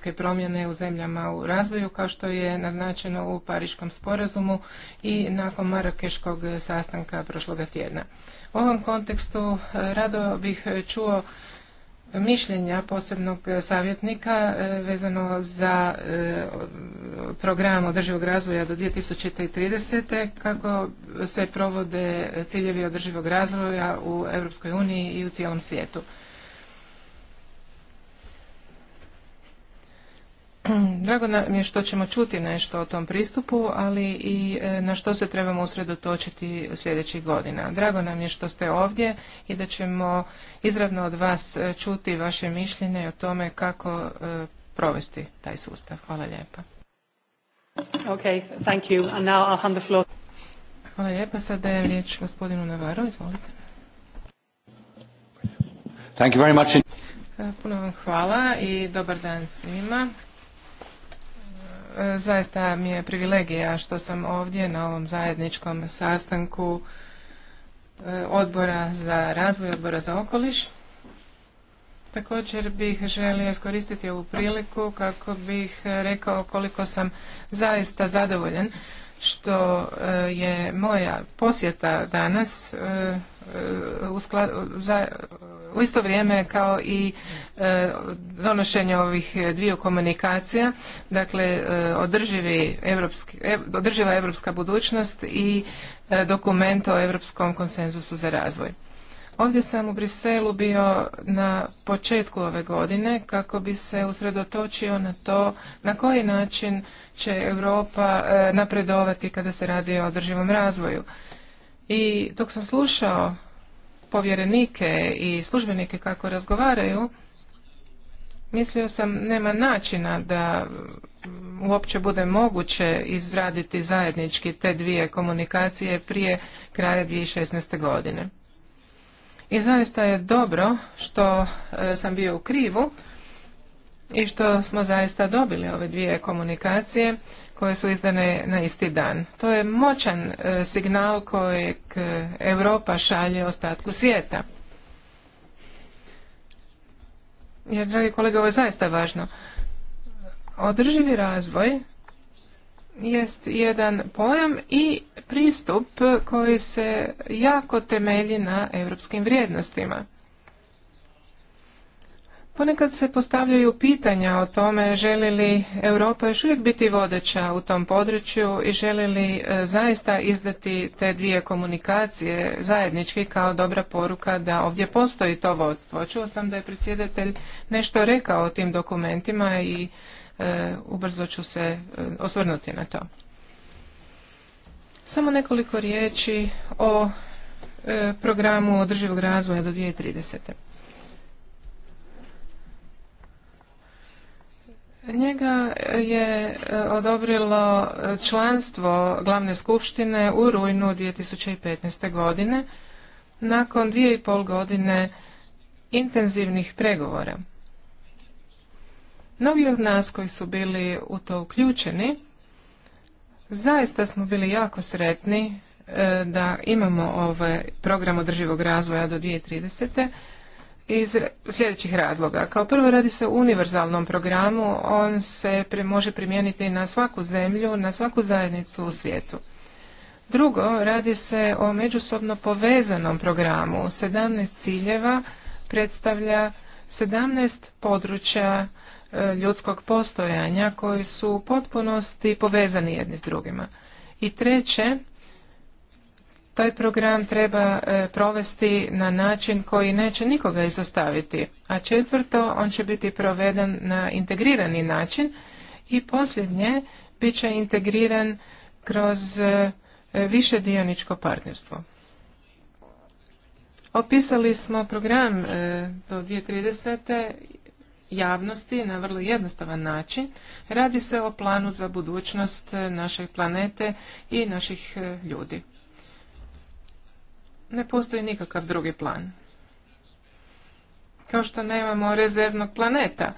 klimatske promjene u zemljama u razvoju kao što je naznačeno u Pariškom sporazumu i nakon Marakeškog sastanka prošloga tjedna. U ovom kontekstu eh, rado bih čuo mišljenja posebnog savjetnika eh, vezano za eh, program održivog razvoja do 2030. kako se provode ciljevi održivog razvoja u Europskoj uniji i u cijelom svijetu. Drago nam je što ćemo čuti nešto o tom pristupu, ali i e, na što se trebamo usredotočiti sljedećih godina. Drago nam je što ste ovdje i da ćemo izravno od vas e, čuti vaše mišljenje o tome kako e, provesti taj sustav. Hvala lijepa. Okay, thank you. And now I'll hand the floor. Hvala lijepa. Sada je riječ gospodinu Navaru. Izvolite. Thank you very much. Puno vam hvala i dobar dan svima. E, zaista mi je privilegija što sam ovdje na ovom zajedničkom sastanku e, odbora za razvoj, odbora za okoliš. Također bih želio iskoristiti ovu priliku kako bih rekao koliko sam zaista zadovoljan što e, je moja posjeta danas u isto vrijeme kao i e, donošenje ovih dviju komunikacija, dakle e, e, održiva europska budućnost i dokument o europskom konsenzusu za razvoj. Ovdje sam u Briselu bio na početku ove godine kako bi se usredotočio na to na koji način će Europa napredovati kada se radi o održivom razvoju. I dok sam slušao povjerenike i službenike kako razgovaraju, mislio sam nema načina da uopće bude moguće izraditi zajednički te dvije komunikacije prije kraja 2016. godine. I zaista je dobro što e, sam bio u krivu, i što smo zaista dobili ove dvije komunikacije koje su izdane na isti dan. To je moćan e, signal kojeg e, Europa šalje ostatku svijeta. Jer, dragi kolege, ovo je zaista važno. Održivi razvoj jest jedan pojam i pristup koji se jako temelji na europskim vrijednostima. Ponekad se postavljaju pitanja o tome želi li Europa još uvijek biti vodeća u tom području i želi li e, zaista izdati te dvije komunikacije zajednički kao dobra poruka da ovdje postoji to vodstvo. Čuo sam da je predsjedatelj nešto rekao o tim dokumentima i e, ubrzo ću se e, osvrnuti na to. Samo nekoliko riječi o programu održivog razvoja do 2030. Njega je e, odobrilo e, članstvo glavne skupštine u rujnu 2015. godine, nakon dvije i pol godine intenzivnih pregovora. Mnogi od nas koji su bili u to uključeni, zaista smo bili jako sretni e, da imamo ovaj program održivog razvoja do 2030 iz sljedećih razloga. Kao prvo radi se o univerzalnom programu, on se može primijeniti na svaku zemlju, na svaku zajednicu u svijetu. Drugo, radi se o međusobno povezanom programu. 17 ciljeva predstavlja 17 područja e, ljudskog postojanja koji su u potpunosti povezani jedni s drugima. I treće, taj program treba e, provesti na način koji neće nikoga izostaviti. A četvrto, on će biti proveden na integrirani način i posljednje, bit će integriran kroz e, više partnerstvo. Opisali smo program e, do 2030. javnosti na vrlo jednostavan način. Radi se o planu za budućnost naše planete i naših ljudi ne postoji nikakav drugi plan. Kao što nemamo rezervnog planeta.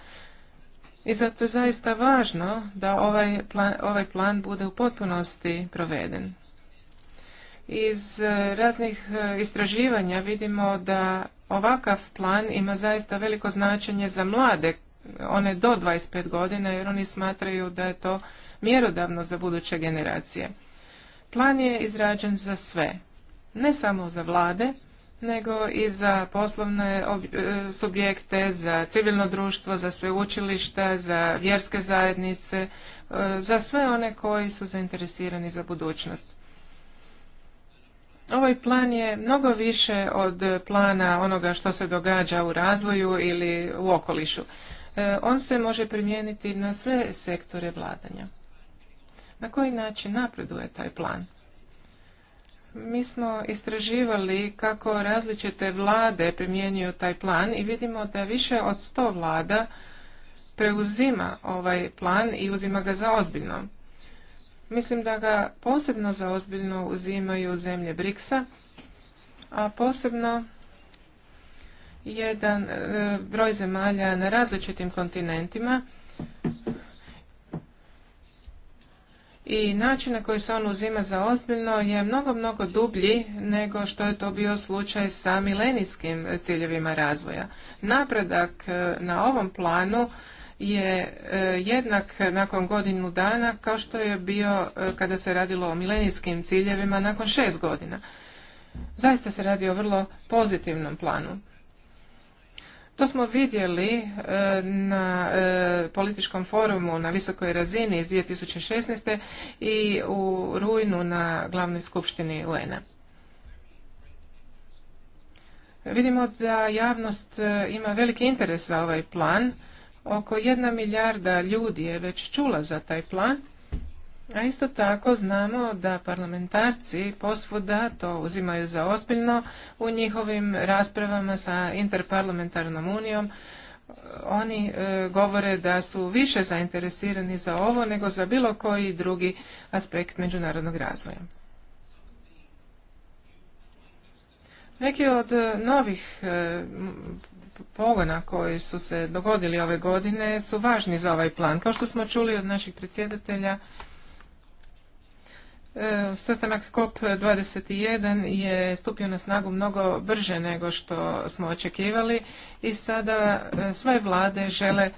I zato je zaista važno da ovaj plan, ovaj plan bude u potpunosti proveden. Iz e, raznih e, istraživanja vidimo da ovakav plan ima zaista veliko značenje za mlade, one do 25 godina, jer oni smatraju da je to mjerodavno za buduće generacije. Plan je izrađen za sve, ne samo za vlade, nego i za poslovne e, subjekte, za civilno društvo, za sve učilišta, za vjerske zajednice, e, za sve one koji su zainteresirani za budućnost. Ovaj plan je mnogo više od plana onoga što se događa u razvoju ili u okolišu. E, on se može primijeniti na sve sektore vladanja. Na koji način napreduje taj plan? mi smo istraživali kako različite vlade primjenjuju taj plan i vidimo da više od sto vlada preuzima ovaj plan i uzima ga za ozbiljno. Mislim da ga posebno za ozbiljno uzimaju zemlje BRICS-a, a posebno jedan e, broj zemalja na različitim kontinentima i način na koji se on uzima za ozbiljno je mnogo, mnogo dublji nego što je to bio slučaj sa milenijskim ciljevima razvoja. Napredak e, na ovom planu je e, jednak nakon godinu dana kao što je bio e, kada se radilo o milenijskim ciljevima nakon šest godina. Zaista se radi o vrlo pozitivnom planu. To smo vidjeli e, na e, političkom forumu na visokoj razini iz 2016. i u rujnu na glavnoj skupštini UN-a. Vidimo da javnost e, ima veliki interes za ovaj plan. Oko jedna milijarda ljudi je već čula za taj plan a isto tako znamo da parlamentarci posvuda to uzimaju za ozbiljno u njihovim raspravama sa interparlamentarnom unijom. Oni e, govore da su više zainteresirani za ovo nego za bilo koji drugi aspekt međunarodnog razvoja. Neki od e, novih e, pogona koji su se dogodili ove godine su važni za ovaj plan. Kao što smo čuli od naših predsjedatelja, E, sastanak COP21 je stupio na snagu mnogo brže nego što smo očekivali i sada e, sve vlade žele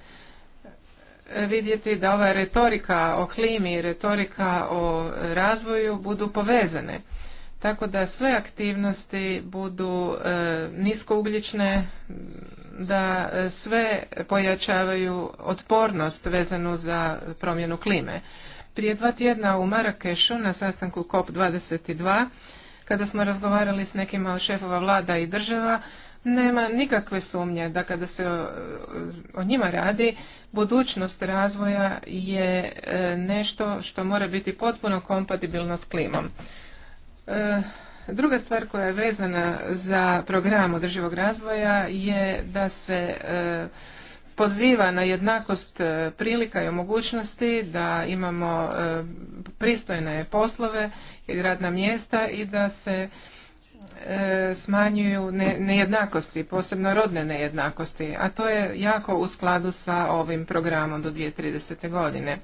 e, vidjeti da ova retorika o klimi i retorika o razvoju budu povezane. Tako da sve aktivnosti budu niskougljične, da sve pojačavaju otpornost vezanu za promjenu klime. Prije dva tjedna u Marakešu na sastanku COP22, kada smo razgovarali s nekima od šefova vlada i država, nema nikakve sumnje da kada se o, njima radi, budućnost razvoja je e, nešto što mora biti potpuno kompatibilno s klimom. E, druga stvar koja je vezana za program održivog razvoja je da se e, poziva na jednakost e, prilika i mogućnosti da imamo e, pristojne poslove i radna mjesta i da se e, smanjuju nejednakosti, posebno rodne nejednakosti, a to je jako u skladu sa ovim programom do 2030. godine.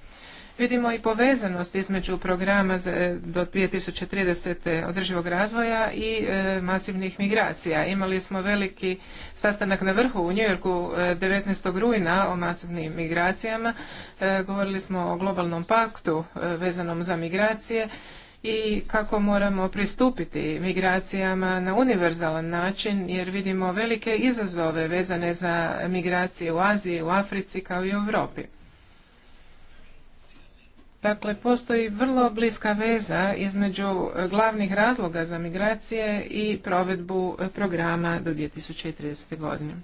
Vidimo i povezanost između programa e, do 2030. E, održivog razvoja i e, masivnih migracija. Imali smo veliki sastanak na vrhu u Njujorku 19. rujna o masivnim migracijama. Govorili smo o globalnom paktu vezanom za migracije i kako moramo pristupiti migracijama na univerzalan način jer vidimo velike izazove vezane za migracije u Aziji, u Africi kao i u Europi. Dakle, postoji vrlo bliska veza između glavnih razloga za migracije i provedbu programa do 2030. godine.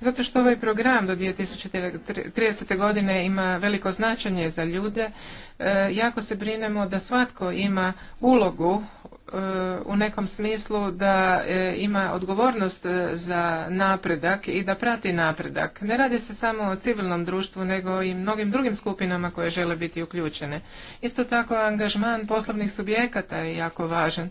Zato što ovaj program do 2030. godine ima veliko značenje za ljude, e, jako se brinemo da svatko ima ulogu e, u nekom smislu da e, ima odgovornost za napredak i da prati napredak. Ne radi se samo o civilnom društvu, nego i mnogim drugim skupinama koje žele biti uključene. Isto tako, angažman poslovnih subjekata je jako važan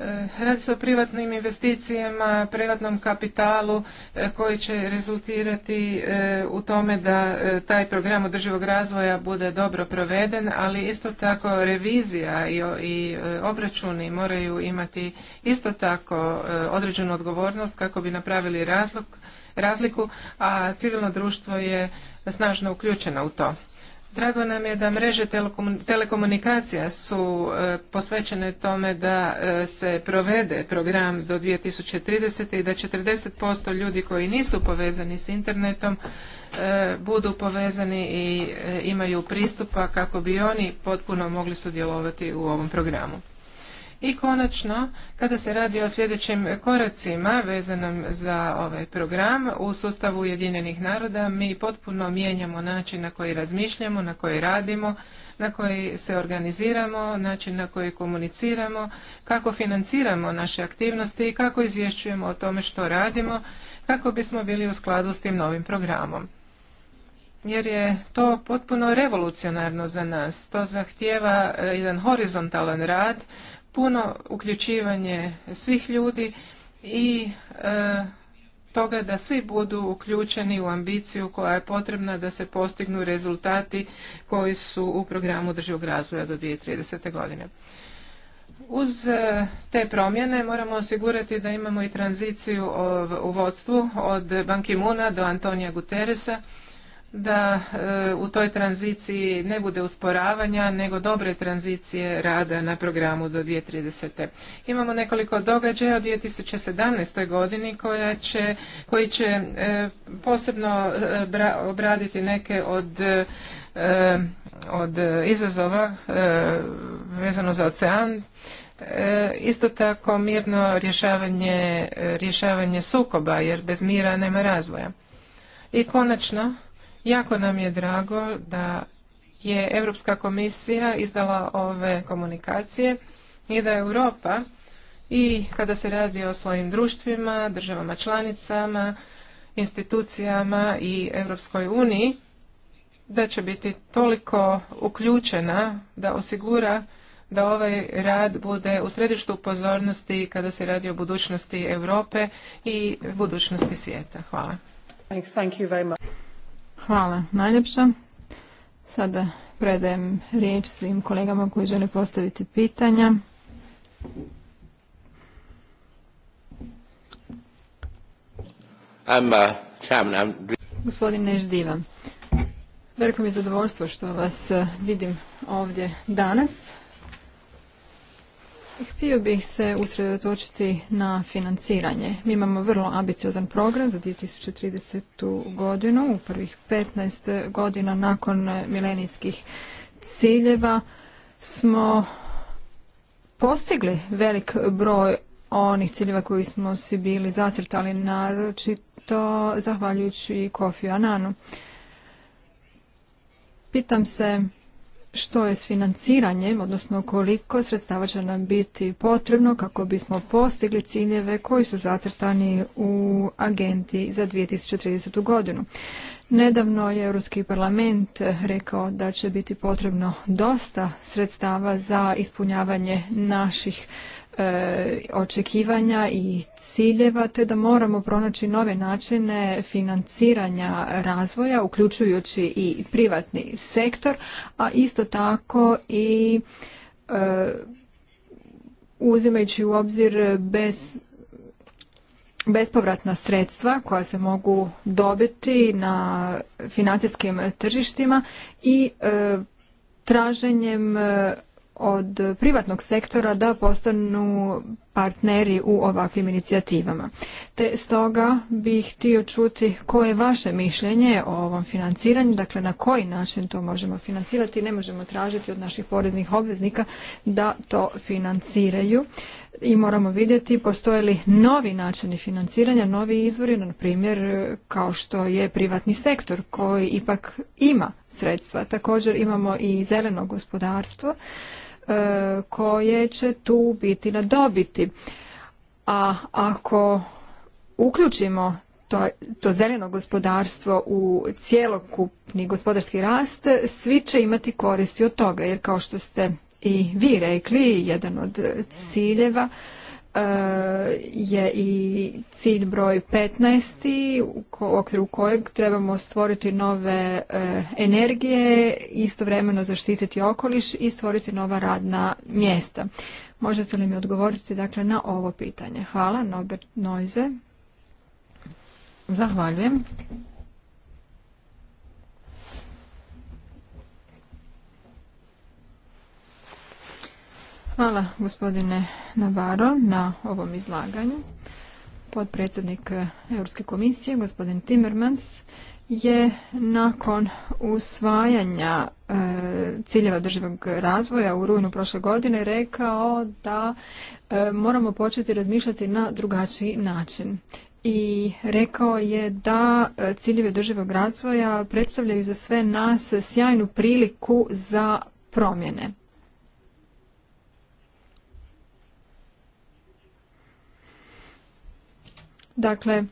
Eh, radi se o privatnim investicijama, privatnom kapitalu eh, koji će rezultirati eh, u tome da taj program održivog razvoja bude dobro proveden, ali isto tako revizija i obračuni moraju imati isto tako određenu odgovornost kako bi napravili razliku, a civilno društvo je snažno uključeno u to. Drago nam je da mreže telekomunikacija su e, posvećene tome da e, se provede program do 2030. i da 40% ljudi koji nisu povezani s internetom e, budu povezani i imaju pristupa kako bi oni potpuno mogli sudjelovati u ovom programu. I konačno, kada se radi o sljedećim koracima vezanom za ovaj program u sustavu Ujedinjenih naroda, mi potpuno mijenjamo način na koji razmišljamo, na koji radimo, na koji se organiziramo, način na koji komuniciramo, kako financiramo naše aktivnosti i kako izvješćujemo o tome što radimo, kako bismo bili u skladu s tim novim programom jer je to potpuno revolucionarno za nas. To zahtjeva eh, jedan horizontalan rad puno uključivanje svih ljudi i e, toga da svi budu uključeni u ambiciju koja je potrebna da se postignu rezultati koji su u programu državog razvoja do 2030. godine. Uz e, te promjene moramo osigurati da imamo i tranziciju u vodstvu od Muna do Antonija Guterresa da e, u toj tranziciji ne bude usporavanja, nego dobre tranzicije rada na programu do 2030. Imamo nekoliko događaja u 2017. godini koja će, koji će e, posebno e, obraditi neke od od izazova vezano za ocean isto tako mirno rješavanje, rješavanje sukoba jer bez mira nema razvoja i konačno Jako nam je drago da je Europska komisija izdala ove komunikacije i da Europa i kada se radi o svojim društvima, državama članicama, institucijama i Europskoj uniji, da će biti toliko uključena da osigura da ovaj rad bude u središtu pozornosti kada se radi o budućnosti Europe i budućnosti svijeta. Hvala. Hvala najljepša. Sada predajem riječ svim kolegama koji žele postaviti pitanja. I'm, uh, Gospodin Neždiva, veliko mi je zadovoljstvo što vas uh, vidim ovdje danas Htio bih se usredotočiti na financiranje. Mi imamo vrlo ambiciozan program za 2030. godinu, u prvih 15 godina nakon milenijskih ciljeva smo postigli velik broj onih ciljeva koji smo si bili zacrtali, naročito zahvaljujući Kofi Ananu. Pitam se što je s financiranjem, odnosno koliko sredstava će nam biti potrebno kako bismo postigli ciljeve koji su zacrtani u agenti za 2030. godinu. Nedavno je Europski parlament rekao da će biti potrebno dosta sredstava za ispunjavanje naših E, očekivanja i ciljeva te da moramo pronaći nove načine financiranja razvoja uključujući i privatni sektor, a isto tako i e, uzimajući u obzir bez bespovratna sredstva koja se mogu dobiti na financijskim tržištima i e, traženjem od privatnog sektora da postanu partneri u ovakvim inicijativama. Te stoga bih htio čuti koje je vaše mišljenje o ovom financiranju, dakle na koji način to možemo financirati, ne možemo tražiti od naših poreznih obveznika da to financiraju i moramo vidjeti postoje li novi načini financiranja, novi izvori, na primjer kao što je privatni sektor koji ipak ima sredstva. Također imamo i zeleno gospodarstvo E, koje će tu biti na dobiti. A ako uključimo to, to zeleno gospodarstvo u cjelokupni gospodarski rast, svi će imati koristi od toga, jer kao što ste i vi rekli, jedan od ciljeva E, je i cilj broj 15. u okviru kojeg trebamo stvoriti nove e, energije, istovremeno zaštititi okoliš i stvoriti nova radna mjesta. Možete li mi odgovoriti dakle na ovo pitanje? Hvala, Norbert Noize. Zahvaljujem. Hvala gospodine Navaro na ovom izlaganju. Potpredsjednik Europske komisije gospodin Timmermans je nakon usvajanja e, ciljeva održivog razvoja u rujnu prošle godine rekao da e, moramo početi razmišljati na drugačiji način i rekao je da e, ciljevi održivog razvoja predstavljaju za sve nas sjajnu priliku za promjene Dakle,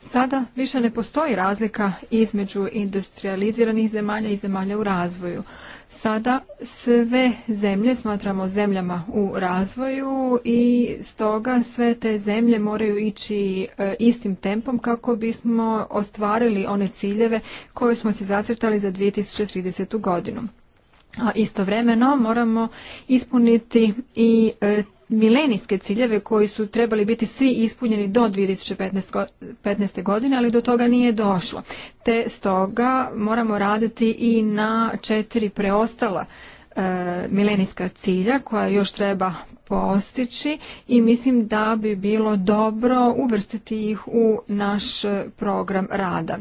sada više ne postoji razlika između industrializiranih zemalja i zemalja u razvoju. Sada sve zemlje smatramo zemljama u razvoju i stoga sve te zemlje moraju ići e, istim tempom kako bismo ostvarili one ciljeve koje smo se zacrtali za 2030. godinu. A istovremeno moramo ispuniti i e, milenijske ciljeve koji su trebali biti svi ispunjeni do 2015. godine, ali do toga nije došlo. Te stoga moramo raditi i na četiri preostala e, milenijska cilja koja još treba postići i mislim da bi bilo dobro uvrstiti ih u naš program rada.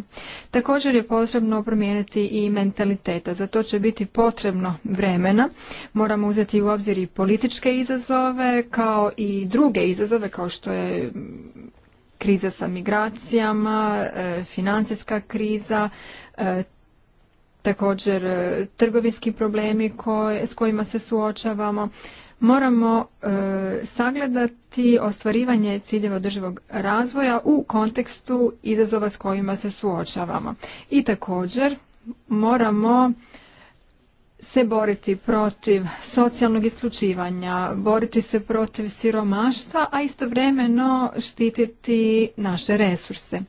Također je potrebno promijeniti i mentaliteta, za to će biti potrebno vremena. Moramo uzeti u obzir i političke izazove kao i druge izazove kao što je kriza sa migracijama, e, financijska kriza, e, također e, trgovinski problemi s kojima se suočavamo moramo e, sagledati ostvarivanje ciljeva održivog razvoja u kontekstu izazova s kojima se suočavamo. I također moramo se boriti protiv socijalnog isključivanja, boriti se protiv siromaštva, a istovremeno štititi naše resurse.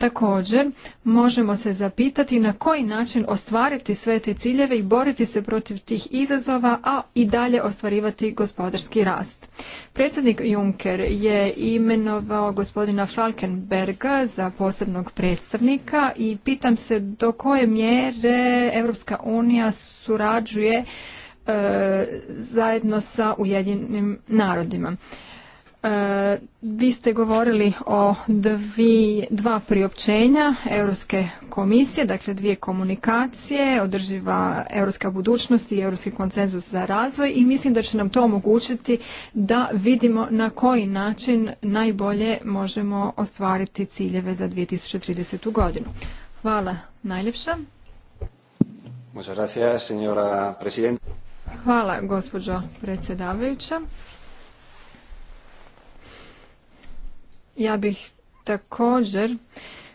Također, možemo se zapitati na koji način ostvariti sve te ciljeve i boriti se protiv tih izazova, a i dalje ostvarivati gospodarski rast. Predsjednik Juncker je imenovao gospodina Falkenberga za posebnog predstavnika i pitam se do koje mjere Europska unija surađuje e, zajedno sa Ujedinim narodima. Vi ste govorili o dvi, dva priopćenja Europske komisije, dakle dvije komunikacije, održiva europska budućnost i europski konsenzus za razvoj i mislim da će nam to omogućiti da vidimo na koji način najbolje možemo ostvariti ciljeve za 2030. godinu. Hvala najljepša. Hvala gospođo predsjedavajuća. Ja bih također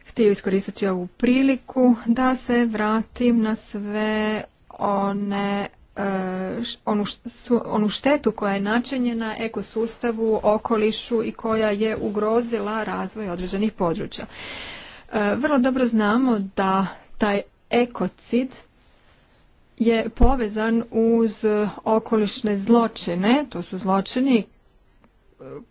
htio iskoristiti ovu priliku da se vratim na sve one eh, onu štetu koja je načinjena ekosustavu, okolišu i koja je ugrozila razvoj određenih područja. Eh, vrlo dobro znamo da taj ekocid je povezan uz okolišne zločine, to su zločini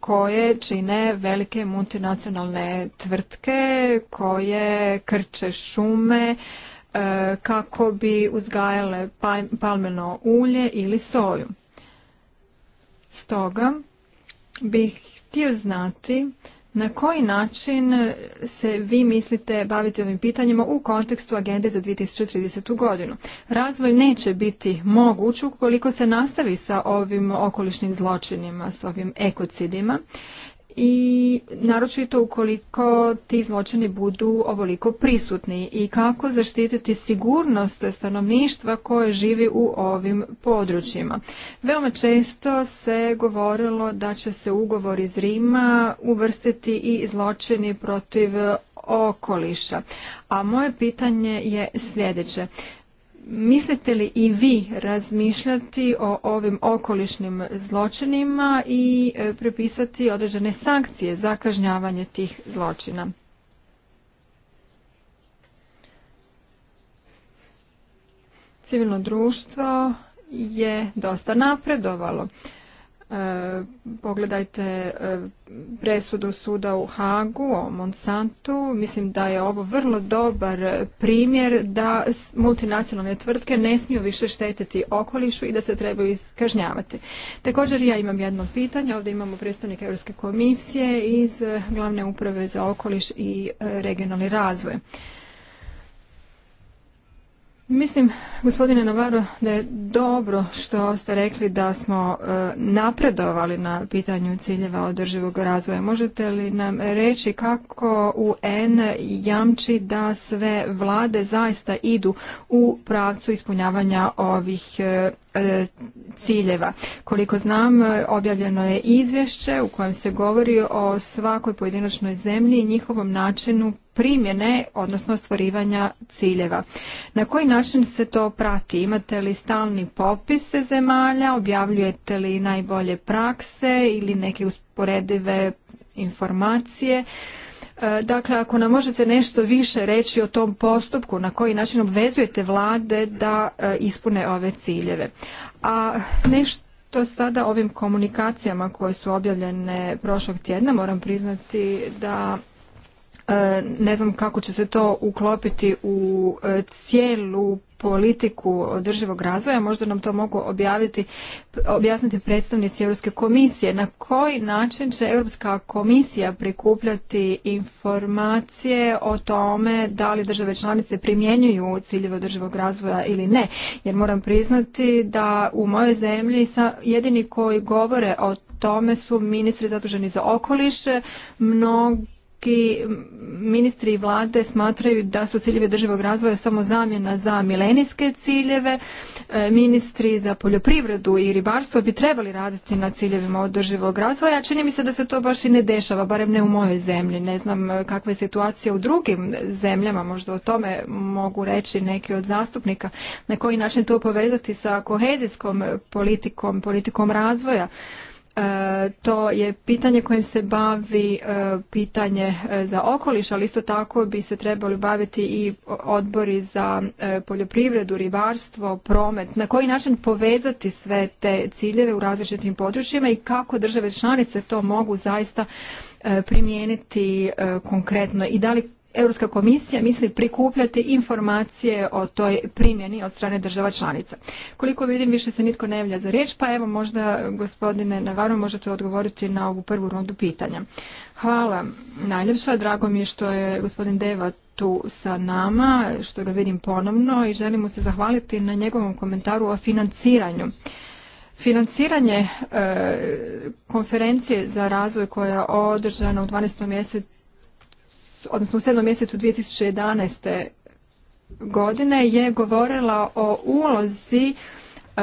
koje čine velike multinacionalne tvrtke koje krče šume e, kako bi uzgajale palmeno ulje ili soju. Stoga bih htio znati na koji način se vi mislite baviti ovim pitanjima u kontekstu agende za 2030. godinu? Razvoj neće biti moguć ukoliko se nastavi sa ovim okolišnim zločinima, s ovim ekocidima i naročito ukoliko ti zločini budu ovoliko prisutni i kako zaštititi sigurnost stanovništva koje živi u ovim područjima. Veoma često se govorilo da će se ugovor iz Rima uvrstiti i zločini protiv okoliša. A moje pitanje je sljedeće. Mislite li i vi razmišljati o ovim okolišnim zločinima i e, prepisati određene sankcije za kažnjavanje tih zločina? Civilno društvo je dosta napredovalo. E, pogledajte e, presudu suda u Hagu o Monsantu. Mislim da je ovo vrlo dobar primjer da multinacionalne tvrtke ne smiju više štetiti okolišu i da se trebaju iskažnjavati. Također ja imam jedno pitanje. Ovdje imamo predstavnika Europske komisije iz Glavne uprave za okoliš i e, regionalni razvoj. Mislim, gospodine Navarro, da je dobro što ste rekli da smo e, napredovali na pitanju ciljeva održivog razvoja. Možete li nam reći kako UN jamči da sve vlade zaista idu u pravcu ispunjavanja ovih e, e, ciljeva? Koliko znam, objavljeno je izvješće u kojem se govori o svakoj pojedinačnoj zemlji i njihovom načinu primjene, odnosno ostvarivanja ciljeva. Na koji način se to prati? Imate li stalni popis zemalja? Objavljujete li najbolje prakse ili neke usporedive informacije? E, dakle, ako nam možete nešto više reći o tom postupku, na koji način obvezujete vlade da e, ispune ove ciljeve. A nešto sada ovim komunikacijama koje su objavljene prošlog tjedna moram priznati da E, ne znam kako će se to uklopiti u e, cijelu politiku održivog razvoja, možda nam to mogu objaviti, objasniti predstavnici Europske komisije. Na koji način će Europska komisija prikupljati informacije o tome da li države članice primjenjuju ciljeve održivog razvoja ili ne? Jer moram priznati da u mojoj zemlji jedini koji govore o tome su ministri zaduženi za okoliš, mnogo neki ministri i vlade smatraju da su ciljevi održivog razvoja samo zamjena za milenijske ciljeve. E, ministri za poljoprivredu i ribarstvo bi trebali raditi na ciljevima održivog razvoja. Čini mi se da se to baš i ne dešava, barem ne u mojoj zemlji. Ne znam e, kakva je situacija u drugim zemljama, možda o tome mogu reći neki od zastupnika. Na koji način to povezati sa kohezijskom politikom, politikom razvoja? to je pitanje kojim se bavi e, pitanje e, za okoliš, ali isto tako bi se trebali baviti i odbori za e, poljoprivredu, ribarstvo, promet. Na koji način povezati sve te ciljeve u različitim područjima i kako države članice to mogu zaista primijeniti konkretno i da li Europska komisija misli prikupljati informacije o toj primjeni od strane država članica. Koliko vidim, više se nitko ne javlja za riječ, pa evo možda gospodine Navarro možete odgovoriti na ovu prvu rundu pitanja. Hvala najljepša, drago mi je što je gospodin Deva tu sa nama, što ga vidim ponovno i želim mu se zahvaliti na njegovom komentaru o financiranju. Financiranje e, konferencije za razvoj koja je održana u 12. mjesecu odnosno u 7. mjesecu 2011. godine je govorila o ulozi e,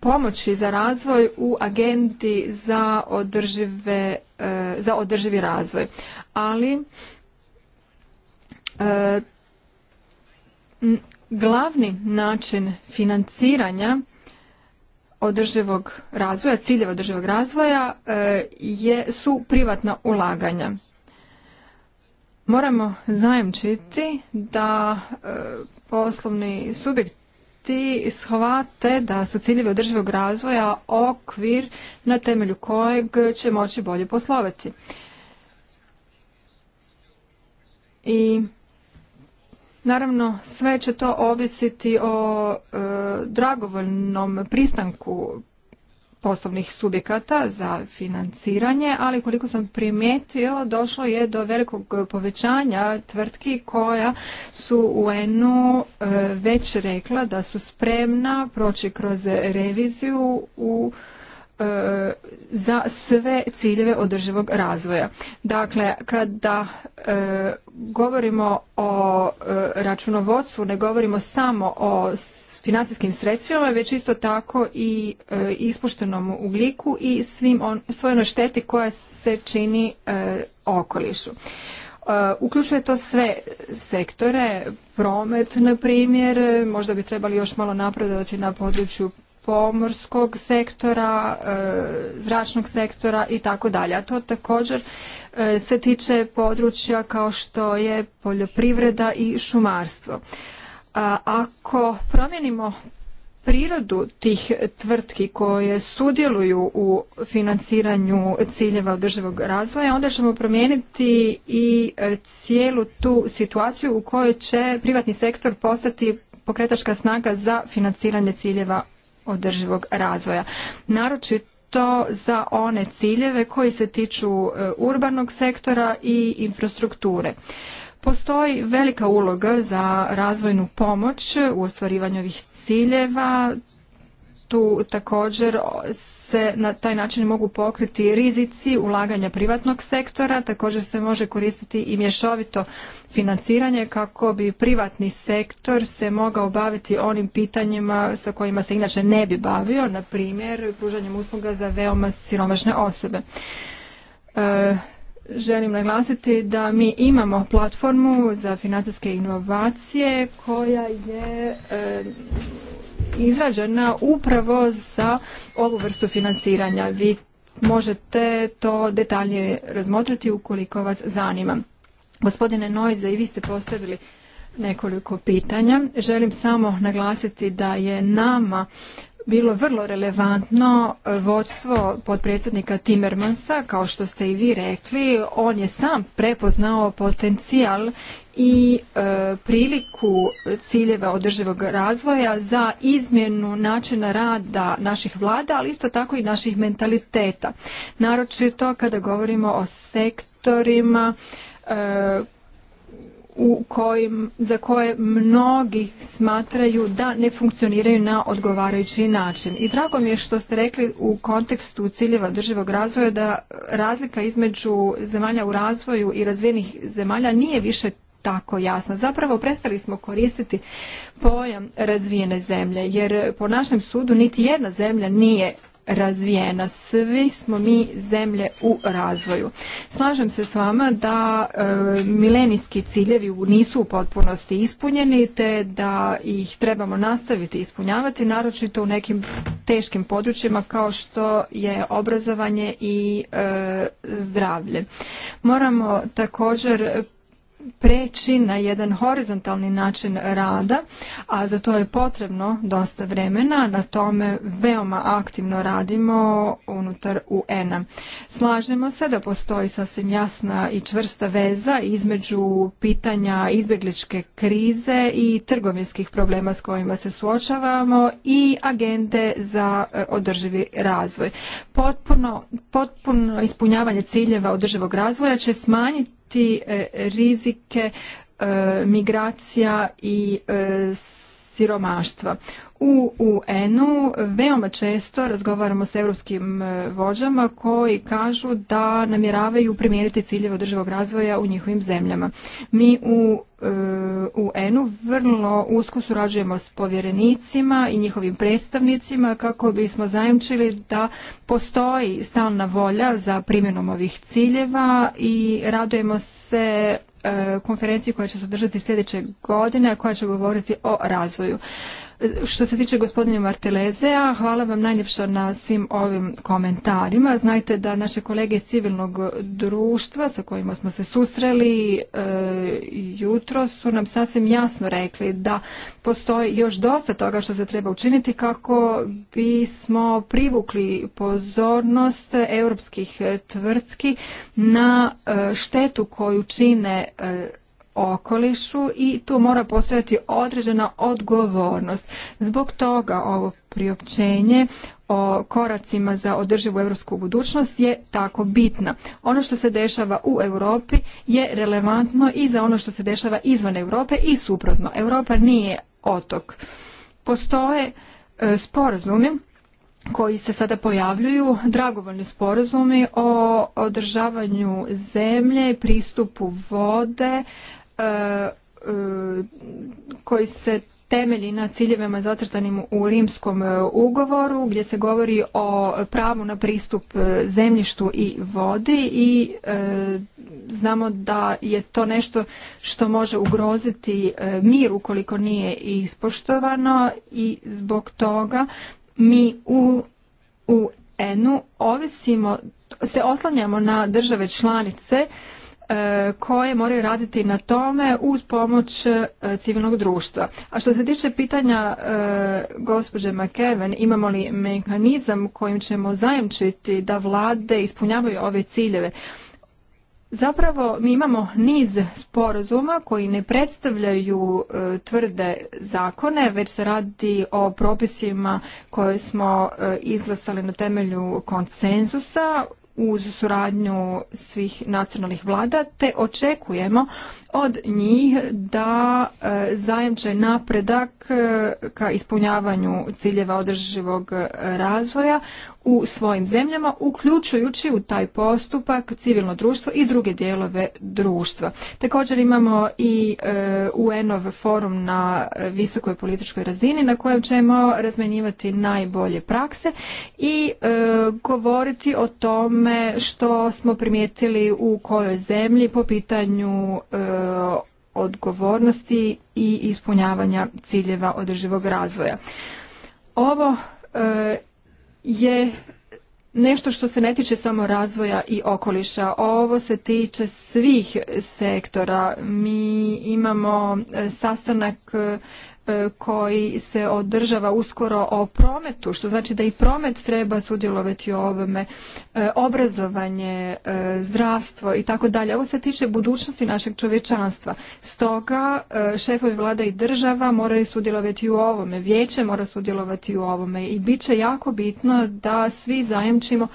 pomoći za razvoj u agenti za, održive, e, za održivi razvoj. Ali e, glavni način financiranja održivog razvoja, ciljeva održivog razvoja je, su privatna ulaganja moramo zajemčiti da e, poslovni subjekti shvate da su ciljevi održivog razvoja okvir na temelju kojeg će moći bolje poslovati. I naravno sve će to ovisiti o e, dragovoljnom pristanku poslovnih subjekata za financiranje, ali koliko sam primijetio, došlo je do velikog povećanja tvrtki koja su UN-u e, već rekla da su spremna proći kroz reviziju u e, za sve ciljeve održivog razvoja. Dakle, kada e, govorimo o računovodstvu, ne govorimo samo o financijskim sredstvima, već isto tako i e, ispuštenom ugljiku i svim šteti koja se čini e, okolišu. E, uključuje to sve sektore, promet na primjer, možda bi trebali još malo napredovati na području pomorskog sektora, zračnog sektora i tako dalje. A to također se tiče područja kao što je poljoprivreda i šumarstvo. Ako promijenimo prirodu tih tvrtki koje sudjeluju u financiranju ciljeva održivog razvoja, onda ćemo promijeniti i e, cijelu tu situaciju u kojoj će privatni sektor postati pokretačka snaga za financiranje ciljeva održivog razvoja. Naročito za one ciljeve koji se tiču e, urbanog sektora i infrastrukture. Postoji velika uloga za razvojnu pomoć u ostvarivanju ovih ciljeva. Tu također se na taj način mogu pokriti rizici ulaganja privatnog sektora, također se može koristiti i mješovito financiranje kako bi privatni sektor se mogao baviti onim pitanjima sa kojima se inače ne bi bavio, na primjer pružanjem usluga za veoma siromašne osobe. E, želim naglasiti da mi imamo platformu za financijske inovacije koja je e, izrađena upravo za ovu vrstu financiranja. Vi možete to detaljnije razmotriti ukoliko vas zanima. Gospodine Noize, i vi ste postavili nekoliko pitanja. Želim samo naglasiti da je nama bilo vrlo relevantno eh, vodstvo podpredsjednika Timmermansa, kao što ste i vi rekli, on je sam prepoznao potencijal i eh, priliku ciljeva održivog razvoja za izmjenu načina rada naših vlada, ali isto tako i naših mentaliteta. Naročito kada govorimo o sektorima e, u kojim, za koje mnogi smatraju da ne funkcioniraju na odgovarajući način. I drago mi je što ste rekli u kontekstu ciljeva državog razvoja da razlika između zemalja u razvoju i razvijenih zemalja nije više tako jasna. Zapravo prestali smo koristiti pojam razvijene zemlje jer po našem sudu niti jedna zemlja nije razvijena. Svi smo mi zemlje u razvoju. Slažem se s vama da e, milenijski ciljevi nisu u potpunosti ispunjeni te da ih trebamo nastaviti ispunjavati, naročito u nekim teškim područjima kao što je obrazovanje i e, zdravlje. Moramo također preći na jedan horizontalni način rada, a za to je potrebno dosta vremena, na tome veoma aktivno radimo unutar UN-a. Slažemo se da postoji sasvim jasna i čvrsta veza između pitanja izbjegličke krize i trgovinskih problema s kojima se suočavamo i agende za e, održivi razvoj. Potpuno, potpuno ispunjavanje ciljeva održivog razvoja će smanjiti smanjiti e, rizike e, migracija i e, siromaštva u UN-u veoma često razgovaramo s europskim e, vođama koji kažu da namjeravaju primijeniti ciljeve održivog razvoja u njihovim zemljama. Mi u e, UN-u vrlo usko surađujemo s povjerenicima i njihovim predstavnicima kako bismo zajamčili da postoji stalna volja za primjenom ovih ciljeva i radujemo se e, konferenciji koja će se održati sljedeće godine, koja će govoriti o razvoju. Što se tiče gospodine Martelezea, hvala vam najljepša na svim ovim komentarima. Znajte da naše kolege iz civilnog društva sa kojima smo se susreli e, jutro su nam sasvim jasno rekli da postoji još dosta toga što se treba učiniti kako bismo privukli pozornost europskih tvrtki na e, štetu koju čine e, okolišu i tu mora postojati određena odgovornost. Zbog toga ovo priopćenje o koracima za održivu europsku budućnost je tako bitna. Ono što se dešava u Europi je relevantno i za ono što se dešava izvan Europe i suprotno. Europa nije otok. Postoje e, sporazumi koji se sada pojavljuju, dragovoljni sporazumi o održavanju zemlje, pristupu vode, E, e, koji se temelji na ciljevima zacrtanim u rimskom e, ugovoru gdje se govori o pravu na pristup zemljištu i vodi i znamo da je to nešto što može ugroziti mir ukoliko nije ispoštovano i zbog toga mi u UN-u se oslanjamo na države članice E, koje moraju raditi na tome uz pomoć e, civilnog društva. A što se tiče pitanja e, gospođe McEwen, imamo li mehanizam kojim ćemo zajemčiti da vlade ispunjavaju ove ciljeve? Zapravo mi imamo niz sporazuma koji ne predstavljaju tvrde zakone, već se radi o propisima koje smo izglasali na temelju konsenzusa uz suradnju svih nacionalnih vlada te očekujemo od njih da e, zajamče napredak e, ka ispunjavanju ciljeva održivog razvoja u svojim zemljama uključujući u taj postupak civilno društvo i druge dijelove društva. Također imamo i e, UN-ov forum na visokoj političkoj razini na kojem ćemo razmenjivati najbolje prakse i govoriti o tom onome što smo primijetili u kojoj zemlji po pitanju e, odgovornosti i ispunjavanja ciljeva održivog razvoja. Ovo e, je nešto što se ne tiče samo razvoja i okoliša. Ovo se tiče svih sektora. Mi imamo e, sastanak E, koji se održava uskoro o prometu, što znači da i promet treba sudjelovati u ovome, e, obrazovanje, e, zdravstvo i tako dalje. Ovo se tiče budućnosti našeg čovječanstva. Stoga šefovi vlada i država moraju sudjelovati u ovome, vijeće mora sudjelovati u ovome i bit će jako bitno da svi zajemčimo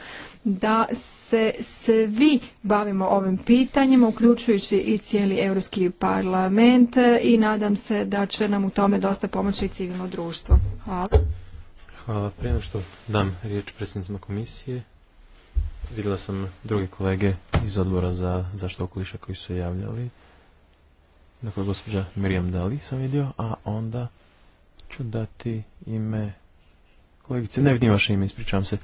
da se svi bavimo ovim pitanjima, uključujući i cijeli Europski parlament e, i nadam se da će nam u tome dosta pomoći i civilno društvo. Hvala. Hvala. Prije što dam riječ predsjednicima komisije, vidjela sam druge kolege iz odbora za zaštitu okoliša koji su javljali. Dakle, gospođa Mirjam Dali sam vidio, a onda ću dati ime kolegice. Ne vidim vaše ime, ispričavam se.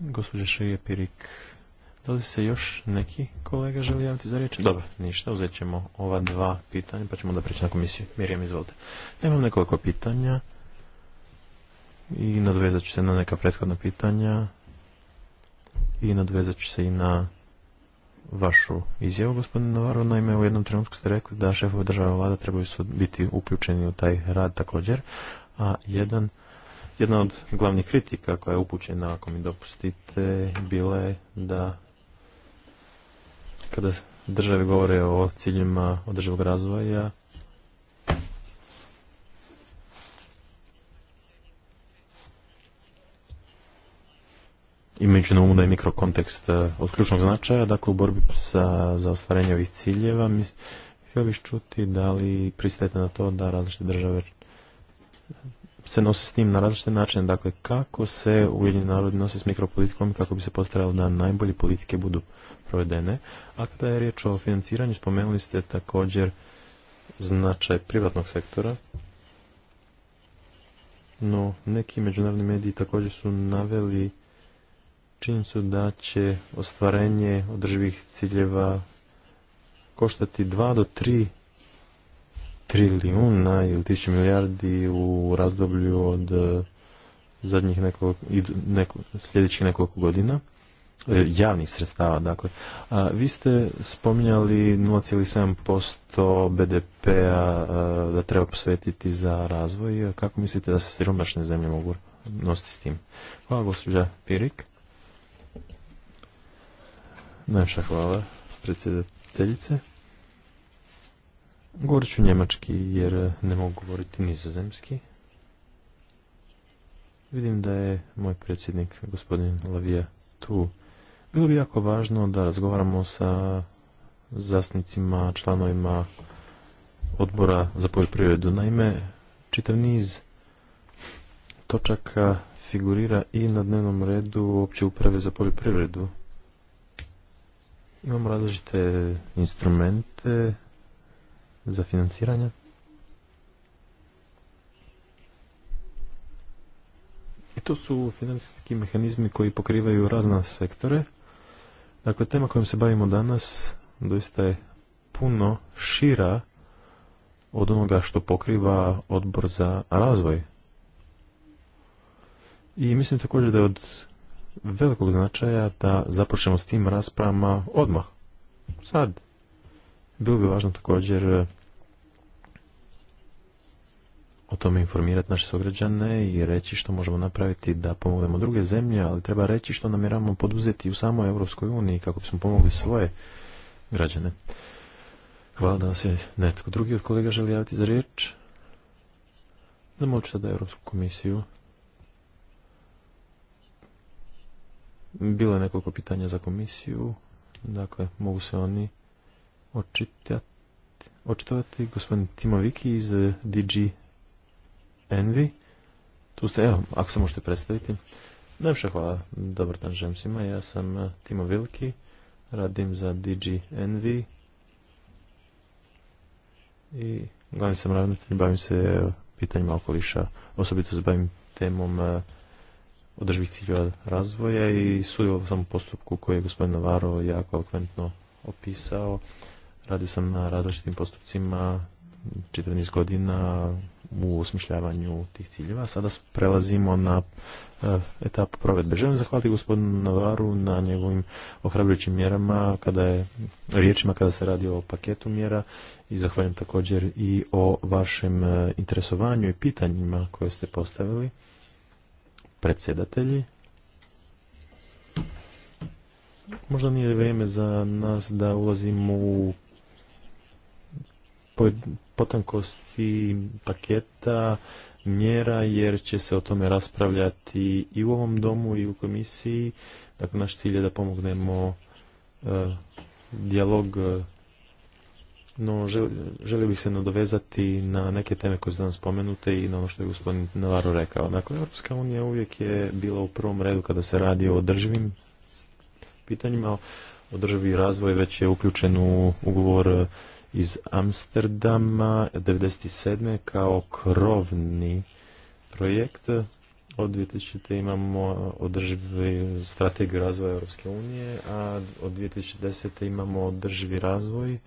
gospođa Širija Pirik. Da li se još neki kolega želi javiti za riječ? Dobro, ništa, uzet ćemo ova dva pitanja pa ćemo onda preći na komisiju. Mirjam, izvolite. imam nekoliko pitanja i nadvezat ću se na neka prethodna pitanja i nadvezat ću se i na vašu izjavu, gospodine Navarro. Naime, u jednom trenutku ste rekli da šefove države vlada trebaju biti uključeni u taj rad također, a jedan jedna od glavnih kritika koja je upućena, ako mi dopustite, bila je da kada države govore o ciljima održivog razvoja, imajući na umu da je mikrokontekst e, od ključnog značaja, dakle u borbi sa, za ostvarenje ovih ciljeva, htio bih čuti da li pristajete na to da različite države se nosi s tim na različite načine. Dakle, kako se Ujedinjeni narodi nosi s mikropolitikom i kako bi se postaralo da najbolje politike budu provedene. A kada je riječ o financiranju, spomenuli ste također značaj privatnog sektora. No, neki međunarodni mediji također su naveli činjenicu da će ostvarenje održivih ciljeva koštati 2 do 3 trilijuna ili tisuću milijardi u razdoblju od e, zadnjih nekoliko, sljedećih nekoliko godina e, javnih sredstava. Dakle, a, vi ste spominjali 0,7% BDP-a e, da treba posvetiti za razvoj. Kako mislite da se siromašne zemlje mogu nositi s tim? Hvala, gospođa Pirik. najviša hvala, predsjedateljice. Govorit ću njemački jer eh, ne mogu govoriti nizozemski. Vidim da je moj predsjednik, gospodin Lavija, tu. Bilo bi jako važno da razgovaramo sa zastupnicima, članovima odbora za poljoprivredu. Naime, čitav niz točaka figurira i na dnevnom redu opće uprave za poljoprivredu. Imamo različite instrumente za financiranje. I to su financijski mehanizmi koji pokrivaju razne sektore. Dakle, tema kojom se bavimo danas doista je puno šira od onoga što pokriva odbor za razvoj. I mislim također da je od velikog značaja da započnemo s tim raspravama odmah. Sad, bilo bi važno također e, o tome informirati naše sugrađane i reći što možemo napraviti da pomognemo druge zemlje, ali treba reći što namjeravamo poduzeti u samoj Europskoj uniji kako bismo pomogli svoje građane. Hvala da nas je netko drugi od kolega želi javiti za riječ. Zamočite da Europsku komisiju. Bilo je nekoliko pitanja za komisiju, dakle mogu se oni očitovati gospodin Viki iz eh, DG Envy. Tu ste, evo, ako se možete predstaviti. Najviše hvala, dobar dan želim svima. Ja sam eh, Timo Vilki, radim za DG Envy i glavni sam ravnatelj, bavim se eh, pitanjima okoliša, osobito se bavim temom održivih ciljeva razvoja i sudjelovao sam u postupku koji je gospodin Navaro jako elokventno opisao radio sam na različitim postupcima čitav godina u osmišljavanju tih ciljeva. Sada prelazimo na eh, etapu provedbe. Želim zahvaliti gospodinu Navaru na njegovim ohrabrujućim mjerama, kada je, riječima kada se radi o paketu mjera i zahvaljujem također i o vašem eh, interesovanju i pitanjima koje ste postavili predsjedatelji. Možda nije vrijeme za nas da ulazimo u potankosti paketa mjera jer će se o tome raspravljati i u ovom domu i u komisiji. Dakle, naš cilj je da pomognemo e, dijalog, e, no želio bih se nadovezati na neke teme koje su danas spomenute i na ono što je gospodin Navaro rekao. Dakle, Europska unija uvijek je bila u prvom redu kada se radi o održivim pitanjima, održivi razvoj već je uključen u ugovor iz Amsterdama 97. kao krovni projekt. Od 2000. imamo održivi strategiju razvoja Europske unije, a od 2010. imamo održivi razvoj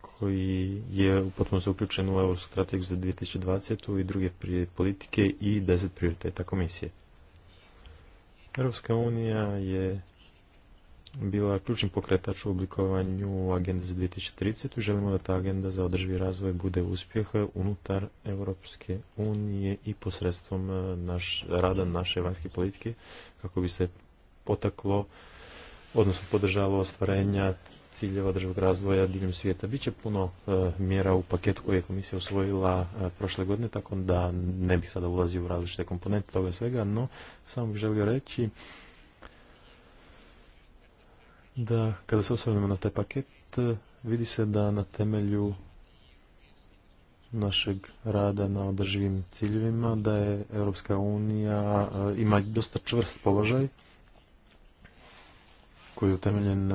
koji je potpuno se uključen u Europsku strategiju za 2020. i druge politike i 10 prioriteta komisije. Europska unija je bila ključni pokretač u oblikovanju agende za 2030 i želimo da ta agenda za održivi razvoj bude uspjeh unutar Europske unije i posredstvom e, naš, rada naše vanjske politike kako bi se potaklo odnosno podržalo ostvarenja ciljeva održivog razvoja diljem svijeta. Biće puno e, mjera u paketu koje je komisija usvojila e, prošle godine, tako da ne bih sada ulazio u različite komponente toga svega, no samo bih želio reći da kada se osvrnemo na taj paket, vidi se da na temelju našeg rada na održivim ciljevima, da je Europska unija ima dosta čvrst položaj koji je utemeljen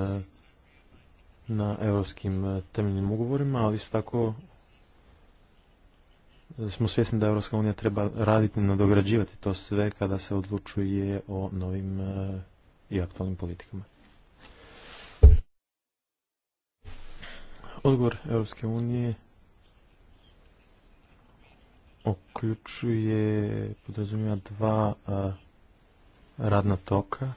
na, europskim temeljnim ugovorima, ali isto tako smo svjesni da Europska unija treba raditi i nadograđivati to sve kada se odlučuje o novim i aktualnim politikama. Odgovor Europske unije uključuje, podrazumijeva dva radna toka.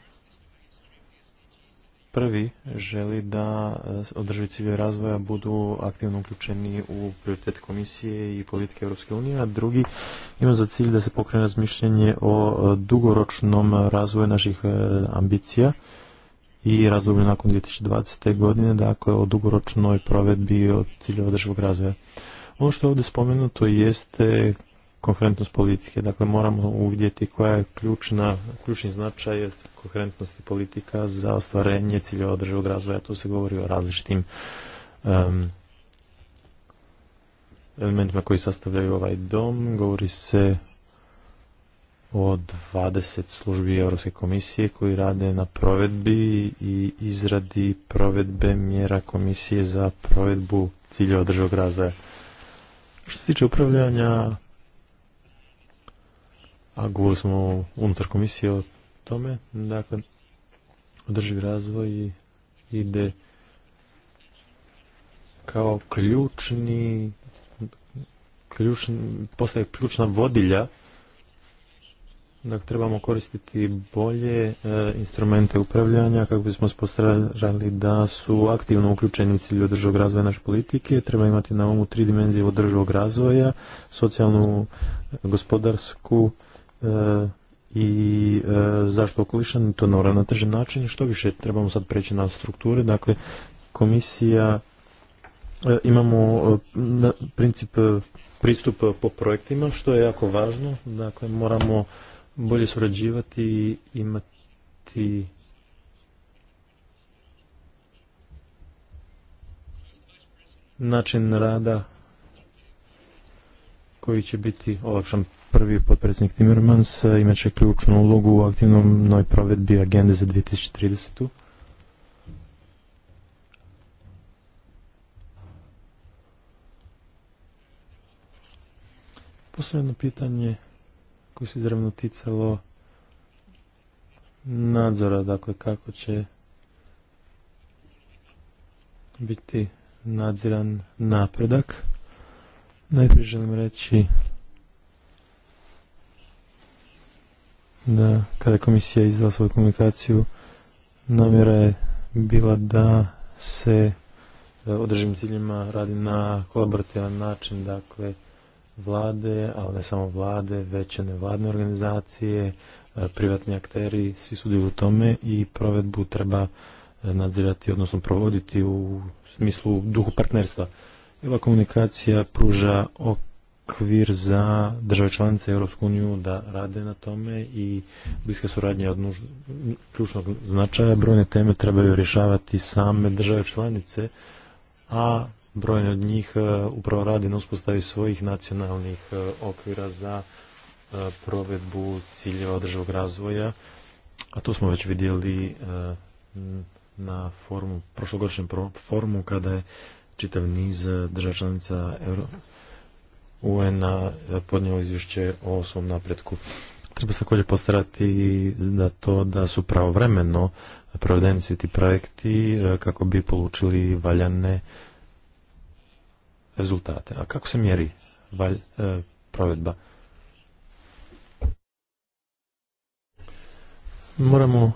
Prvi želi da održivi ciljevi razvoja budu aktivno uključeni u prioritet komisije i politike Europske unije, a drugi ima za cilj da se pokrene razmišljanje o dugoročnom razvoju naših ambicija i razdoblju nakon 2020. godine, dakle o dugoročnoj provedbi od ciljeva održivog razvoja. Ono što je ovdje spomenuto jeste koherentnost politike. Dakle, moramo uvidjeti koja je ključna, ključni značaj koherentnosti politika za ostvarenje ciljeva održivog razvoja. Tu se govori o različitim elementima koji sastavljaju ovaj dom. Govori se od 20 službi Europske komisije koji rade na provedbi i izradi provedbe mjera komisije za provedbu ciljeva održivog razvoja. Što se tiče upravljanja, a govorili smo unutar komisije o tome, dakle, održiv razvoj ide kao ključni, ključni postaje ključna vodilja Dakle, trebamo koristiti bolje e, instrumente upravljanja kako bismo spostrali da su aktivno uključeni u cilju održivog razvoja naše politike. Treba imati na umu tri dimenzije održivog razvoja, socijalnu, gospodarsku e, i e, zašto okoliša, to na uravnotežen način. Što više trebamo sad preći na strukture, dakle, komisija e, imamo princip pristup po projektima, što je jako važno. Dakle, moramo bolje surađivati i imati način rada koji će biti olakšan prvi potpredsjednik Timmermans imat će ključnu ulogu u aktivnoj provedbi agende za 2030. Posljedno pitanje koji se izravno ticalo nadzora, dakle kako će biti nadziran napredak. Najprije želim reći da kada je komisija izdala svoju komunikaciju namjera je bila da se e, održim ciljima radi na kolaborativan način, dakle vlade, ali ne samo vlade, veće nevladne organizacije, e, privatni akteri, svi sudjeluju u tome i provedbu treba e, nadzirati, odnosno provoditi u smislu duhu partnerstva. Ova komunikacija pruža okvir za države članice Europsku uniju da rade na tome i bliska suradnja od nuž... ključnog značaja. Brojne teme trebaju rješavati same države članice, a brojne od njih e, upravo radi na uspostavi svojih nacionalnih e, okvira za e, provedbu ciljeva održivog razvoja, a to smo već vidjeli na formu prošlogodišnjem forumu kada je čitav niz država članica UN-a podnijelo izvješće o svom napretku. Treba se također postarati da to da su pravovremeno provedeni svi ti projekti kako bi polučili valjane rezultate. A kako se mjeri valj, e, provedba? Moramo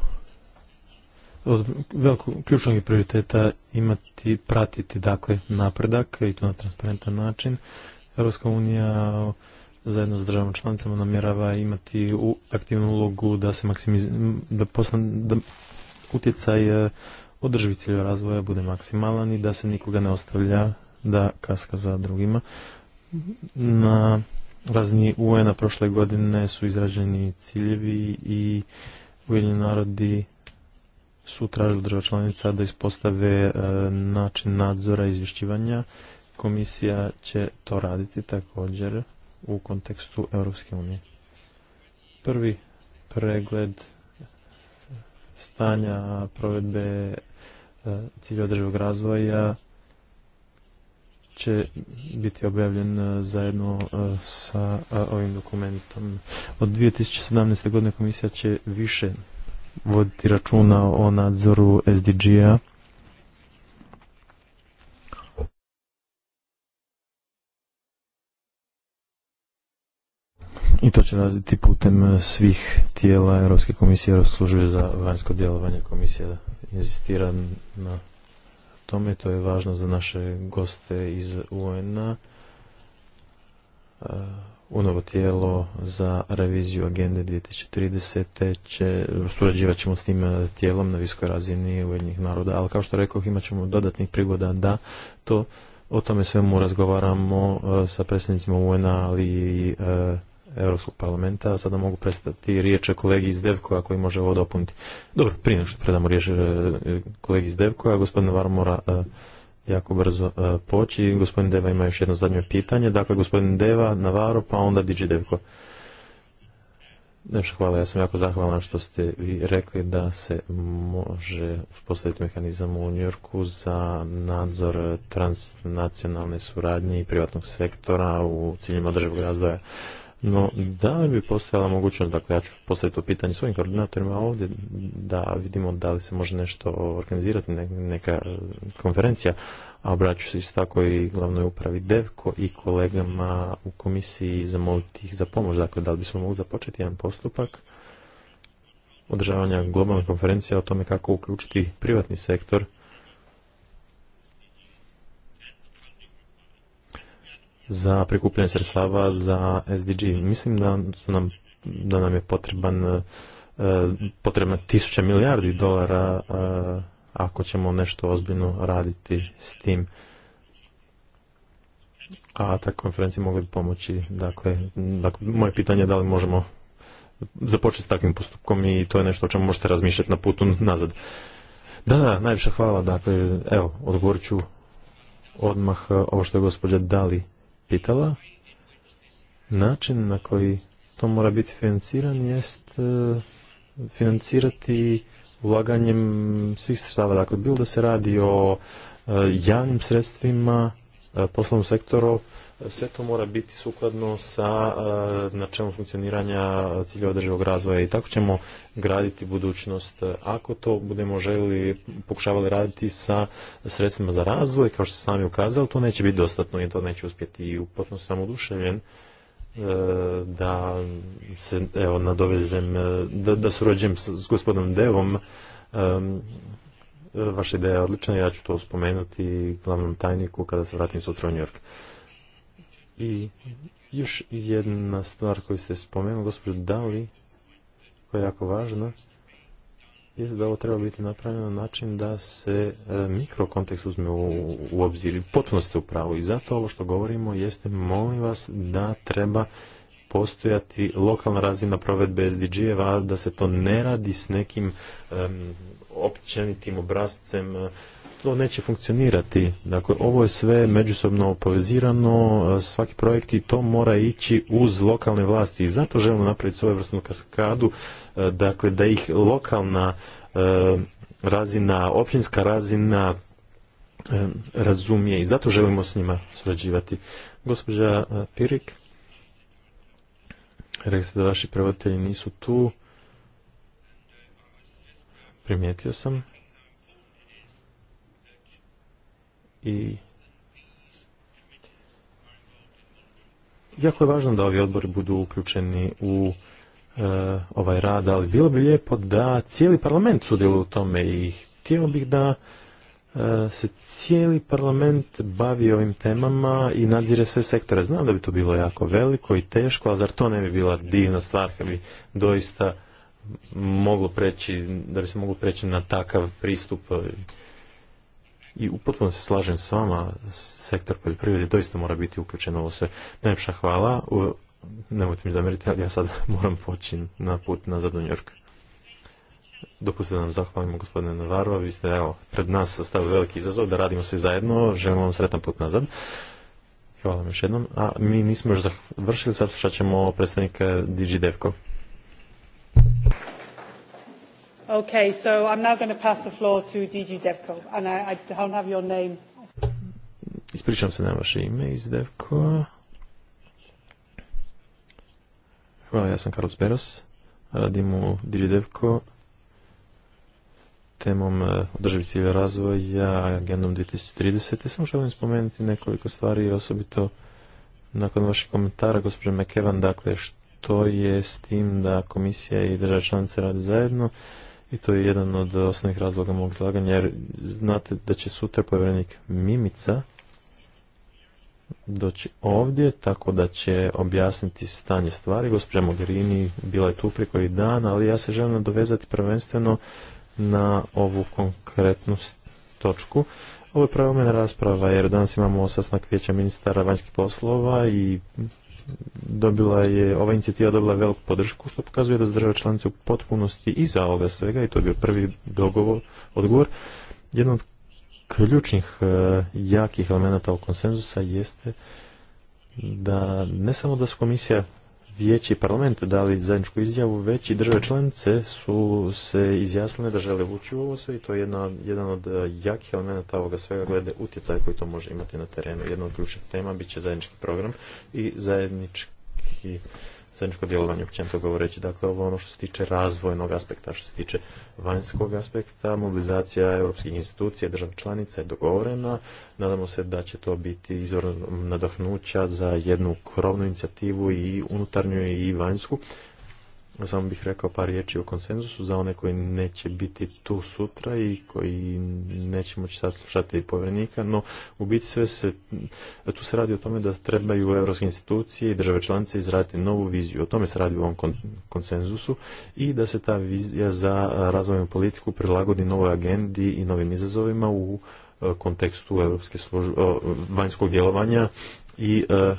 od ključnog prioriteta imati, pratiti dakle napredak i to na transparentan način. Europska unija zajedno s državama članicama namjerava imati u aktivnu ulogu da se maksimiz... da, poslan... da utjecaj e, održivi razvoja bude maksimalan i da se nikoga ne ostavlja da kaska za drugima. Na razni UN-a prošle godine su izrađeni ciljevi i Ujedinjeni narodi su tražili država članica da ispostave e, način nadzora i izvješćivanja. Komisija će to raditi također u kontekstu Europske unije. Prvi pregled stanja provedbe e, cilja održivog razvoja će biti objavljen e, zajedno e, sa e, ovim dokumentom. Od 2017. godine komisija će više voditi računa o nadzoru SDG-a. I to će raditi putem svih tijela Europske komisije, Europske službe za vanjsko djelovanje komisija. inzistira na tome, to je važno za naše goste iz UN-a, e, unovo tijelo za reviziju agende 2030. će, surađivat ćemo s tim e, tijelom na viskoj razini Ujedinjenih naroda, ali kao što rekao, imat ćemo dodatnih prigoda da to o tome svemu razgovaramo e, sa predsjednicima UN-a, ali i Europskog parlamenta. Sada mogu predstaviti riječ kolegi iz Devkoja koji može ovo dopuniti. Dobro, prije nego što predamo riječ e, kolegi iz Devkoja, gospodin Navarro mora e, jako brzo e, poći. Gospodin Deva ima još jedno zadnje pitanje. Dakle, gospodin Deva, Navaro, pa onda Digi Devko. Nešto hvala, ja sam jako zahvalan što ste vi rekli da se može uspostaviti mehanizam u Njorku za nadzor transnacionalne suradnje i privatnog sektora u ciljima održivog razvoja. No, da li bi postojala mogućnost, dakle ja ću postaviti to pitanje svojim koordinatorima ovdje, da vidimo da li se može nešto organizirati, neka e, konferencija, a obraću se isto tako i glavnoj upravi DEVKO i kolegama u komisiji zamoliti ih za pomoć. Dakle, da li bismo mogli započeti jedan postupak održavanja globalne konferencije o tome kako uključiti privatni sektor za prikupljanje sredstava za SDG. Mislim da, su nam, da nam je potreban e, potrebna tisuća milijardi dolara e, ako ćemo nešto ozbiljno raditi s tim a ta konferencija mogla bi pomoći. Dakle, dakle, moje pitanje je da li možemo započeti s takvim postupkom i to je nešto o čemu možete razmišljati na putu nazad. Da, da, najviše hvala. Dakle, evo, odgovorit ću odmah e, ovo što je gospođa Dali pitala, način na koji to mora biti financiran jest e, financirati ulaganjem svih sredstava. Dakle, bilo da se radi o e, javnim sredstvima, e, poslovnom sektoru, sve to mora biti sukladno sa e, načelom funkcioniranja ciljeva održivog razvoja i tako ćemo graditi budućnost. Ako to budemo željeli, pokušavali raditi sa sredstvima za razvoj, kao što ste sami ukazali, to neće biti dostatno i to neće uspjeti i upotno sam oduševljen e, da se evo nadovežem e, da, da surađujem s, gospodinom Devom vaša ideja je odlična ja ću to spomenuti glavnom tajniku kada se vratim sutra u New i još jedna stvar koju ste spomenuli, gospođo Dali, koja je jako važna, je da ovo treba biti napravljeno na način da se e, mikrokontekst uzme u, u obzir. Potpuno ste u pravu i zato ovo što govorimo jeste, molim vas, da treba postojati lokalna razina provedbe SDG-eva, da se to ne radi s nekim općenitim obrazcem to neće funkcionirati. Dakle, ovo je sve međusobno povezirano, svaki projekt i to mora ići uz lokalne vlasti. I zato želimo napraviti vrstnu kaskadu, dakle, da ih lokalna razina, općinska razina razumije i zato želimo s njima surađivati. Gospođa Pirik, rekli ste da vaši prevoditelji nisu tu. Primijetio sam. i jako je važno da ovi odbori budu uključeni u e, ovaj rad, ali bilo bi lijepo da cijeli parlament sudjeluje u tome i htio bih da e, se cijeli parlament bavi ovim temama i nadzire sve sektore. Znam da bi to bilo jako veliko i teško, ali zar to ne bi bila divna stvar kad bi doista moglo preći, da bi se moglo preći na takav pristup i upotpuno se slažem s vama, sektor poljoprivrede doista mora biti uključen u ovo sve. Najljepša hvala, nemojte mi zamjeriti, ali ja sad moram poći na put nazad u Njork. Dopustite da nam zahvalimo gospodine Navarro, vi ste evo, pred nas stavili veliki izazov da radimo sve zajedno, želimo vam sretan put nazad. Hvala vam još jednom. A mi nismo još završili, sad slušat ćemo predstavnika DigiDevco. Okay, so I'm now going to pass the floor to DG Devco, and I, I don't have your name. Ispričam se na vaše ime iz Devco. Hvala, ja sam Carlos Beros, radim u DG Devco temom e, održavih cilja razvoja agendom 2030. Samo želim spomenuti nekoliko stvari, osobito nakon vaših komentara, gospođa McEvan, dakle, što je s tim da komisija i država članice rade zajedno. I to je jedan od osnovnih razloga mog zlaganja, jer znate da će sutra povjerenik Mimica doći ovdje, tako da će objasniti stanje stvari. Gospođa Mogherini bila je tu prije koji dan, ali ja se želim dovezati prvenstveno na ovu konkretnu točku. Ovo je pravomena rasprava jer danas imamo sastanak vijeća ministara vanjskih poslova i dobila je, ova inicijativa dobila veliku podršku, što pokazuje da su države članice u potpunosti iza ove svega i to je bio prvi dogovor, odgovor. Jedan od ključnih e, jakih elemenata ovog konsenzusa jeste da ne samo da su komisija Vijeći i parlament dali zajedničku izjavu, već i države članice su se izjasnile da žele ući u ovo sve i to je jedna, jedan od e, jakih elemenata ovoga svega glede utjecaja koji to može imati na terenu. Jedna od ključnih tema bit će zajednički program i zajednički zajedničko djelovanje, općenito govoreći. Dakle, ovo ono što se tiče razvojnog aspekta, što se tiče vanjskog aspekta, mobilizacija europskih institucija, država članica je dogovorena. Nadamo se da će to biti izvor nadahnuća za jednu krovnu inicijativu i unutarnju i vanjsku. Samo bih rekao par riječi o konsenzusu za one koji neće biti tu sutra i koji neće moći saslušati povjerenika, no u biti sve se, tu se radi o tome da trebaju europske institucije i države članice izraditi novu viziju. O tome se radi u ovom konsenzusu i da se ta vizija za razvojnu politiku prilagodi novoj agendi i novim izazovima u e, kontekstu e, vanjskog djelovanja i e,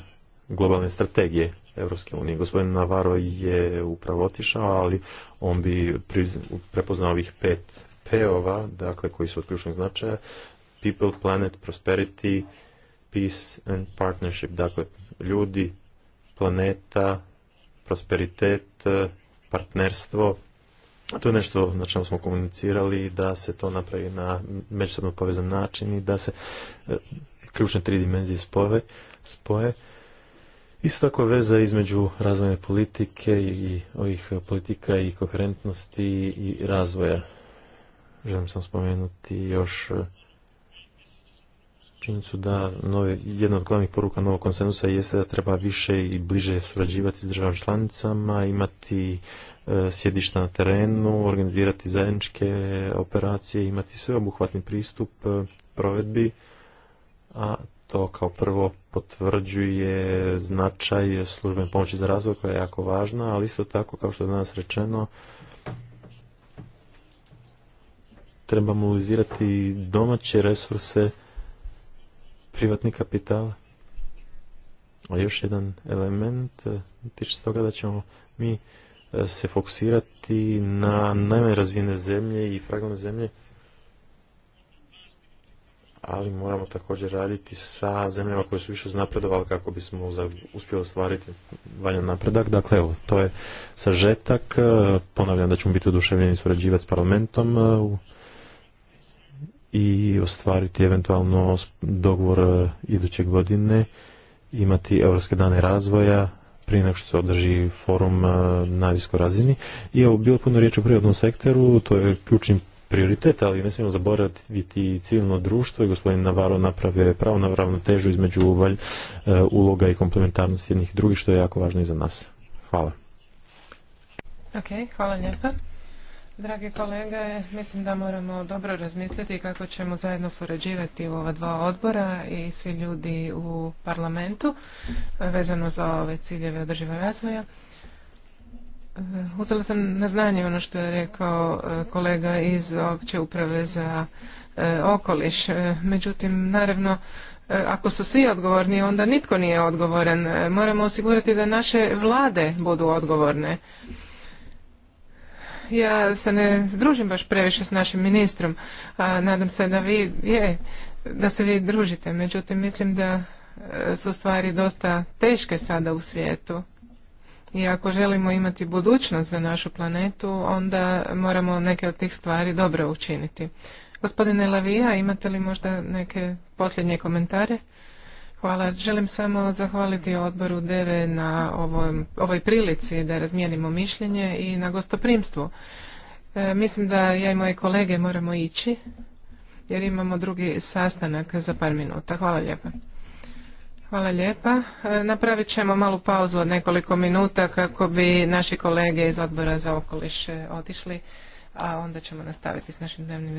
globalne strategije. Europske unije. Gospodin Navaro je upravo otišao, ali on bi prepoznao ovih pet P-ova, dakle, koji su od ključnog značaja. People, planet, prosperity, peace and partnership. Dakle, ljudi, planeta, prosperitet, partnerstvo. To je nešto na čemu smo komunicirali, da se to napravi na međusobno povezan način i da se e, ključne tri dimenzije spoje. Isto tako veza između razvojne politike i ovih politika i koherentnosti i razvoja. Želim sam spomenuti još e, činjenicu da jedna od glavnih poruka novog konsensusa jeste da treba više i bliže surađivati s državama članicama, imati e, sjedišta na terenu, organizirati zajedničke operacije, imati sveobuhvatni pristup e, provedbi, a to kao prvo potvrđuje značaj službene pomoći za razvoj koja je jako važna, ali isto tako kao što je danas rečeno trebamo mobilizirati domaće resurse privatni kapital. A još jedan element tiče se toga da ćemo mi e, se fokusirati na najmanje razvijene zemlje i fragilne zemlje ali moramo također raditi sa zemljama koje su više znapredovali kako bismo uspjeli ostvariti valjan napredak. Dakle, evo, to je sažetak. E, ponavljam da ćemo biti oduševljeni surađivati s parlamentom e, i ostvariti eventualno dogovor e, iduće godine, imati Europske dane razvoja, prije nego što se održi forum na viskoj razini. I evo, bilo puno riječ o prirodnom sektoru, to je ključni prioritet, ali ne smijemo zaboraviti civilno društvo i gospodin Navaro naprave pravo na ravnotežu između e, uloga i komplementarnosti jednih drugih, što je jako važno i za nas. Hvala. Ok, hvala lijepa. Dragi kolege, mislim da moramo dobro razmisliti kako ćemo zajedno surađivati u ova dva odbora i svi ljudi u parlamentu vezano za ove ciljeve održiva razvoja. Uzela sam na znanje ono što je rekao e, kolega iz opće uprave za e, okoliš. E, međutim, naravno, ako su svi odgovorni, onda nitko nije odgovoren. Moramo osigurati da naše vlade budu odgovorne. Ja se ne družim baš previše s našim ministrom, a nadam se da vi, je, da se vi družite. Međutim, mislim da su stvari dosta teške sada u svijetu i ako želimo imati budućnost za našu planetu, onda moramo neke od tih stvari dobro učiniti. Gospodine Lavija, imate li možda neke posljednje komentare? Hvala. Želim samo zahvaliti odboru DEVE na ovoj, ovoj prilici da razmijenimo mišljenje i na gostoprimstvu. E, mislim da ja i moje kolege moramo ići jer imamo drugi sastanak za par minuta. Hvala lijepa. Hvala lijepa. E, napravit ćemo malu pauzu od nekoliko minuta kako bi naši kolege iz odbora za okoliš e, otišli, a onda ćemo nastaviti s našim dnevnim